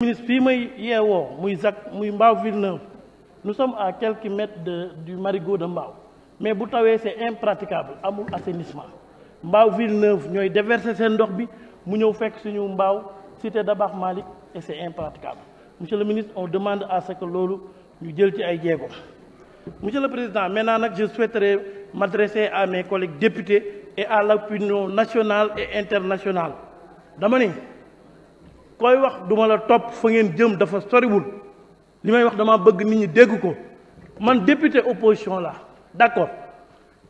ministre fii Yewo, nous sommes à quelques mètres de du marigot de Mbao mais bu c'est impraticable Amour, assainissement Mbao Villeneuve avons déverser seen ndox bi mu ñëw fekk suñu Mbao cité Dabakh Malik, et c'est impraticable monsieur le ministre on demande à ce que l'on nous jël ci ay monsieur le président maintenant je souhaiterais m'adresser à mes collègues députés et à l'opinion nationale et internationale dama koy wax du la top fa ngeen jëm dafa soriwul li may wax dama bëgg nit ñi dégg ko man député opposition la d'accord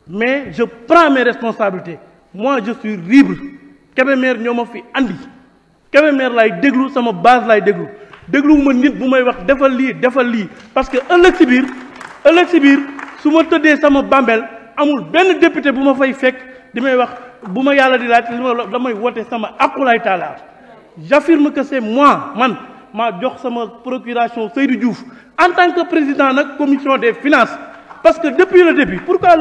mais je prends mes responsabilités moi je suis libre Kébémer ñoo ma fi andi Kébémer lay déglu sama base lay déglu dégluwu nit bu may wax defal lii defal lii parce que ëllëg si biir ëllëg si biir su ma tëddee sama bàmbeel amul benn député bu ma fay fekk di may wax bu ma yàlla di laaj li ma damay wote sama aqulaay taala j'affirme que c'est moi man ma procuration Seydou en tant que président de la commission des finances parce que depuis le début pourquoi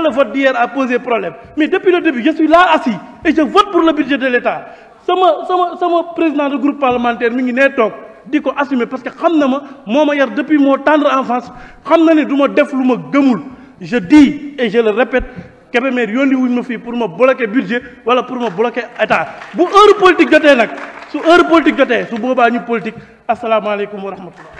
le vote d'hier a posé problème mais depuis le début je suis là assis et je vote pour le budget de l'État sama sama président du groupe parlementaire Mingi ngi nee qu'on parce que depuis mon tendre enfance ne je dis et je le répète Kébémer yónni wuñ ma fii pour ma bloquer budget wala pour ma bloquer état bu heure politique jotee nag su heure politique jotee su boobaa ñu politique asalaamaaleykum wa rahmatullah